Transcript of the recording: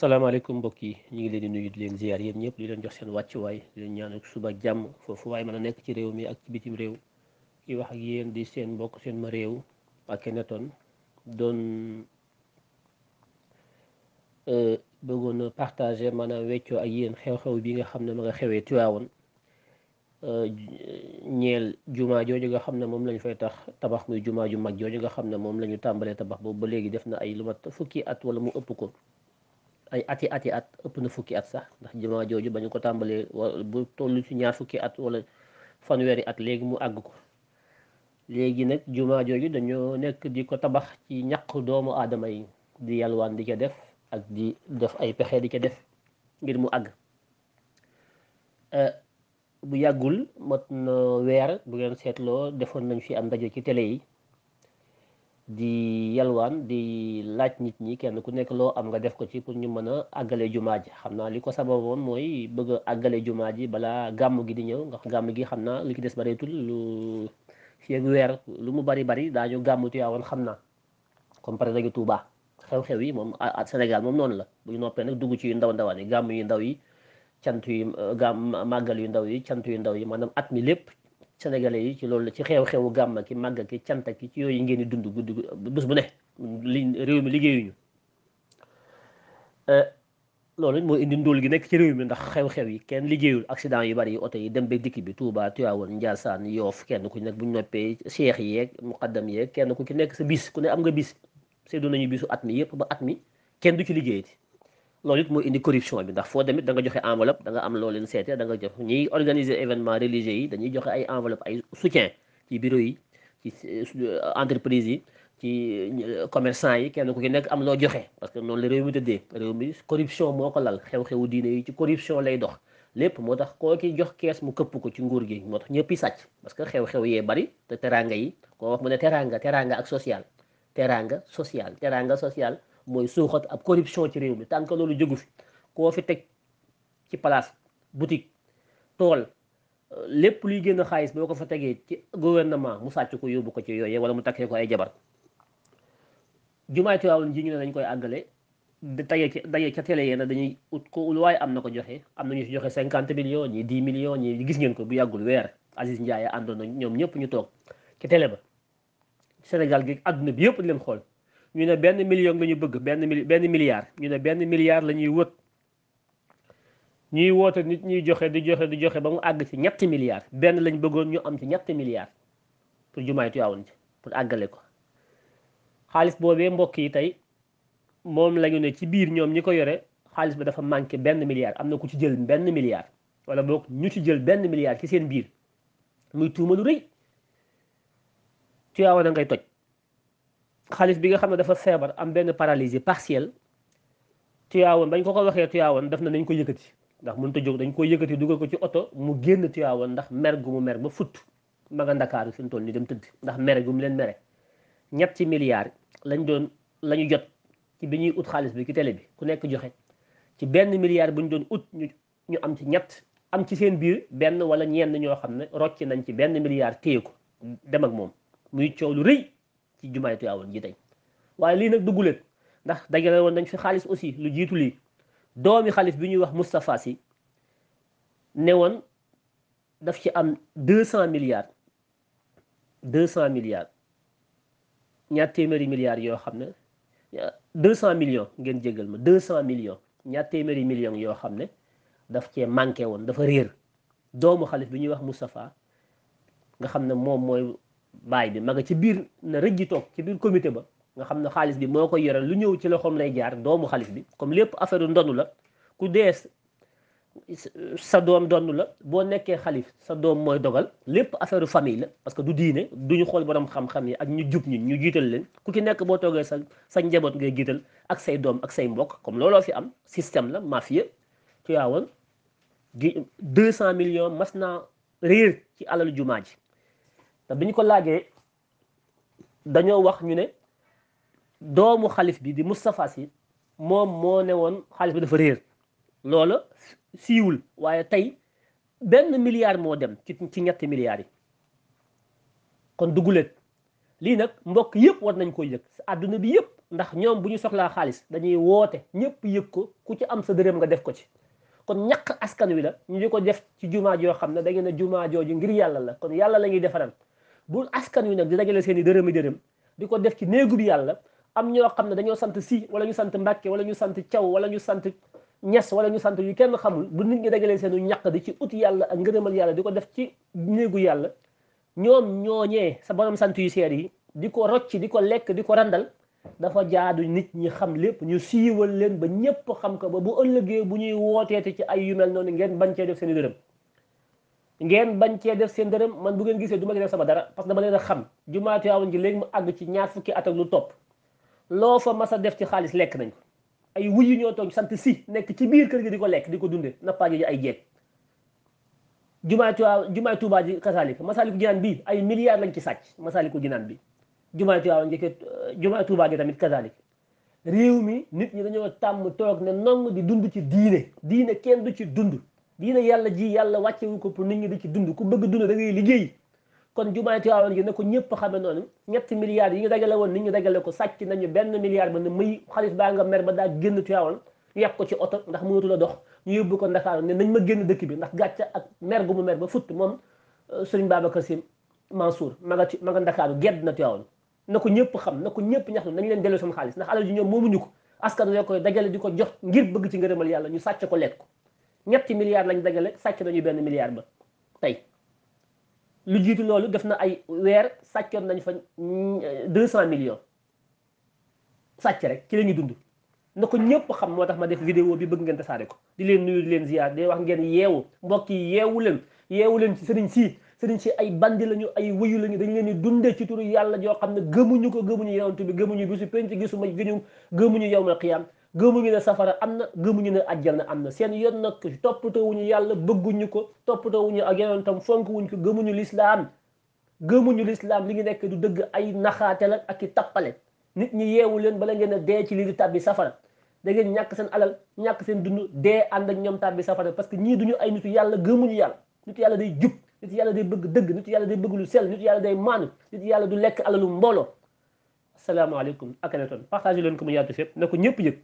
salaamaaleykum mbokk yi ñu ngi leen di nuyu di leen ziar yéen ñëpp di leen jox seen wàccuwaay di leen ñaan suba jàmm foofu waaye mën a nekk ci réew mi ak ci bitim réew ki wax ak yéen di seen mbokk seen ma réew ak Akhenaton doon euh, bëggoon a partager maanaam weccoo ak yéen xew-xew bi nga xam ne ma nga xewee Tiwaawoon euh, ñeel jumaa jooju nga xam ne moom lañu fay tax tabax muy jumaa ju mag jooju nga xam ne moom la ñu tàmbalee tabax boobu ba léegi def na ay lu mat fukki at wala mu ëpp ko. ay ati ati at ëpp na fukki at sax ndax jumaa jooju ba ñu ko tàmbalee bu toll ci ñaar fukki at wala fanweeri at léegi mu àgg ko léegi nag jumaa jooju dañoo nekk di ko tabax ci ñaq doomu aadama yi di yalwaan di ca def ak di def ay pexe di ca def ngir mu àgg eh, bu yàggul mat na weer bu ngeen seetloo defoon nañ fi am ndaje ci télé yi di yalwaan di laaj nit ñi kenn ku nekk loo am nga def ko ci pour ñu mën a àggale jumaa ji xam naa li ko sababoon mooy bëgg a jumaa ji balaa gàmm gi di ñëw ndax gàmm gi xam naa li ki des bareetul lu fii weer lu mu bari bari daañu gàmm Tiwaawan xam naa comme par exemple Touba xew-xew yi moom at Sénégal moom noonu la bu ñu noppee nag dugg ci yu ndaw ndawaan yi gàmm yu ndaw yi cant yi gàmm màggal yu ndaw yi cant yu ndaw yi maanaam at mi lépp sénégalais yi ci loolu la ci xew-xewu gàmmaki ki màgg ki ki ci yooyu ngeen di dund guddi bés bu ne li réew mi liggéeyuñu euh, loolu moo indi ndóol gi nekk ci réew mi ndax xew-xew yi kenn liggéeyul accident yu bari yi oto yi dem ba dikk bi Touba Tivaouane Ndiassane Yoff kenn ku nekk bu ñu noppee cheikh yeeg muqaddam yeeg kenn ku ci nekk sa bis ku ne am nga bis seddu nañu bisu at mi yëpp ba at mi kenn du ci liggéeyati loolu it moo indi corruption bi ndax foo demit da nga joxe enveloppe da am loo leen seete da nga jox ñiy organiser événement religieux yi dañuy joxe ay enveloppe ay soutien ci bureau yi ci euh, entreprise yi ci euh, commerçant yi kenn ku ci nekk am loo joxe parce que noonu la réew mi tëddee réew mi corruption ko lal xew-xewu yi ci corruption lay dox lépp moo tax koo ci jox kees mu këpp ko ci nguur gi moo tax ñëpp yi sàcc parce que xew-xew yee bari te teraanga yi koo wax mu ne teraanga teraanga ak social teraanga social teraanga social mooy suuxat ab corruption ci réew mi tant que loolu jógu fi koo fi teg ci place boutique tool euh, lépp luy génn xaalis boo ko fa tegee ci gouvernement mu sàcc ko yóbbu ko ci yooyee wala mu takkee ko ay jabar jumaay Tiwaawan ji ñu ne dañ koy àggale daje ca daje ca télé yee dañuy ut ko waaye am na ko joxe am na ñu joxe cinquante millions ñi dix millions ñi gis ngeen ko bu yàggul weer Aziz Ndiaye àndoon na ñoom ñëpp ñu toog ci tele ba Sénégal gi àdduna bi yëpp di leen xool ñu ne benn million la ñu bëgg benn mil benn milliard ñu ne benn milliard la ñuy wët ñuy woote nit ñuy joxe di joxe di joxe ba mu àgg ci ñetti milliards benn lañ bëggoon ñu am ci ñetti milliards pour jumaay Tiwaawan ci pour àggale ko xaalis boobee mbokk yi tey moom lañu ne ci biir ñoom ñi ko yore xaalis ba dafa manqué benn milliard am na ku ci jël benn milliard wala boog ñu ci jël benn milliard ci seen biir muy tuuma lu rëy Tiwaawan a ngay toj. xaalis bi nga xam ne dafa feebar am benn paralysie partielle tuyaawoon bañ ko ko waxee tuyaawoon def na nañ ko yëkkati ndax mënut a jóg dañ ko yëkkati dugal ko ci oto mu génn tuyaawoon ndax mer gu mu ba futt ma nga ndakaaru fi mu toll ni dem tëdd ndax mere leen mere ñetti ci lañ doon la ñu jot ci bi ñuy ut xaalis bi ci tele bi ku nekk joxe ci benn milliard bu ñu doon ut ñu ñu am ci ñett am ci seen biir benn wala ñeen ñoo xam ne rocc nañ ci benn milliard téye ko dem ak moom muy coow lu ci jumaay Tiwaawan ji tey waaye lii nag dugguleen ndax dajale woon nañ fi xaalis aussi lu jiitu lii doomi xalis bi ñuy wax Moustapha si ne woon daf ci am deux cent milliards deux cent milliards ñaar téeméeri milliards yoo xam ne deux cent millions ngeen jégal ma deux cent millions ñaar téeméeri yoo xam ne daf cee manqué woon dafa réer doomu xalif bi ñuy wax Moustapha nga xam ne moom mooy baay bi ma nga ci biir na rëjji toog ci biir comité ba nga xam ne xaalis bi moo koy yore lu ñëw ci loxoom lay jaar doomu xaalis bi comme lépp affaire ndonu la ku dee sa doom donn la boo nekkee xalif sa doom mooy dogal lépp affaire famille la parce que du diine duñu xool boroom xam-xam yi ak ñu jub ñu ñu jiital leen ku ci nekk boo toogee sa sa njaboot ngay jiital ak say doom ak say mbokk comme looloo fi am système la ma mafia ci waawoon gi deux cent millions mas naa réer ci alalu jumaa ji te bi ñu ko laajee dañoo wax ñu ne doomu xalif bi di Moustapha Sy moom moo ne woon xaalis bi dafa réer loola siiwul waaye tey benn milliard moo dem ci ci ñetti milliards yi kon duguleet lii nag mbokk yëpp war nañ koy yëg si àdduna bi yëpp ndax ñoom bu ñu soxlaa xaalis dañuy woote ñëpp yëg ko ku ci am sa dërëm nga def ko ci kon ñaq askan wi la ñu di ko def ci jumaa joo xam ne da ngeen ne jumaa jooju ngir yàlla la kon yàlla la ñuy defaral bu askan wi nag di dajale seen i dërëmi dërëm di ko def ci néegu bi yàlla am ñoo xam ne dañoo sant si wala ñu sant mbàkke wala ñu sant caw wala ñu sant ñes wala ñu sant yu kenn xamul bu nit ñi dajalee seenu ñàq di ci ut yàlla ak ngërëmal yàlla di ko def ci néegu yàlla ñoom ñooñee sa borom sant yu seer yi di ko rocc di ko lekk di ko randal dafa jaadu nit ñi xam lépp ñu siiwal leen ba ñépp xam ko ba bu ëllëgee bu ñuy wootee te ci ay yu mel noonu ngeen bañ cee def seen i dërëm ngeen bañ cee def seen dërëm man bu ngeen gisee du ma def sama dara parce que dama leen a xam jumaa Tiwaawan ji léegi mu àgg ci ñaar fukki at ak lu topp loo fa mas a def ci xaalis lekk nañ ko ay wuyu ñoo toog sant si nekk ci biir kër gi di ko lekk di ko dunde nappaajo ji ay jeeg jumaa Tiwaawan ji Tuubaa ji kasaalik Masaalikul Jinaan bi ay milliards lañ ci sàcc Masaalikul Jinaan bi jumaa Tiwaawan ji jumaa Tuubaa gi tamit kasaalik réew mi nit ñi dañoo tàmm toog ne nong di dund ci dii diine kenn du ci dund diina yàlla ji yàlla wàccewu ko pour nit ñi di ci dund ku bëgg dund dangay ngay liggéey kon jumaay Tiwaawan gi ko ñëpp xame noonu ñetti milliards yi ñu dagale woon nit ñu dagale ko sàcc nañu benn milliard ba ne may nga mer daa génn Tiwaawan yàpp ko ci oto ndax mënatu la dox ñu yóbbu ko Ndakaaru ne nañ ma génn dëkk bi ndax gàcce ak mer gu mu mer ba futt moom euh, Serigne Babacar Sy Mansour ma nga ci ma nga na Tiwaawan na ko ñëpp xam na ko ñëpp ñax nañ leen delloo seen xaalis ndax alal ji ñoom moomuñu ko askan wi koy dagale di ko jox ngir bëgg ci ngërëmal yàlla ñu sàcc ko lekk ko ñetti milliards lañu dajale sàcc nañu benn milliard ba tey lu jiitu loolu def na ay weer sàccoon nañ fa deux cent millions sàcc rek ci la dund na ko ñëpp xam moo tax ma def vidéo bi bëgg ngeen tasaare ko di leen nuyu leen ziar di wax ngeen yeewu mbokk yi yeewu leen yeewu leen ci sëriñ sii sëriñ si ay bandi lañu ay wuyu lañu dañ leen di dundee ci turu yàlla joo xam ne gëmuñu ko gëmuñu yonent bi gëmuñu bisu penc gisuma gëñu gëmuñu yowmal xiyaam gëmuñu ne safara am na gëmuñu ne ajjana am na seen yoon nag toppatoowuñu yàlla bëgguñu ko toppatoowuñu ak yonentam fonkuwuñ ko gëmuñu lislaam ñu lislaam li ngi nekk du dëgg ay naxaate la ak i tappale nit ñi yeewu leen bala ngeen a dee ci lii di tàbbi safara da ñàkk seen alal ñàkk seen dund dee ànd ak ñoom tàbbi safara parce que ñii duñu ay nitu yàlla gëmuñu yàlla nitu yàlla day jub nitu yàlla day bëgg dëgg nitu yàlla day bëgg lu sell nitu yàlla day maanu nitu yàlla du lekk alalu mbooloo asalaamaaleykum ak anetoon partagé leen ko mu yaatu fépp ko ñëpp yëg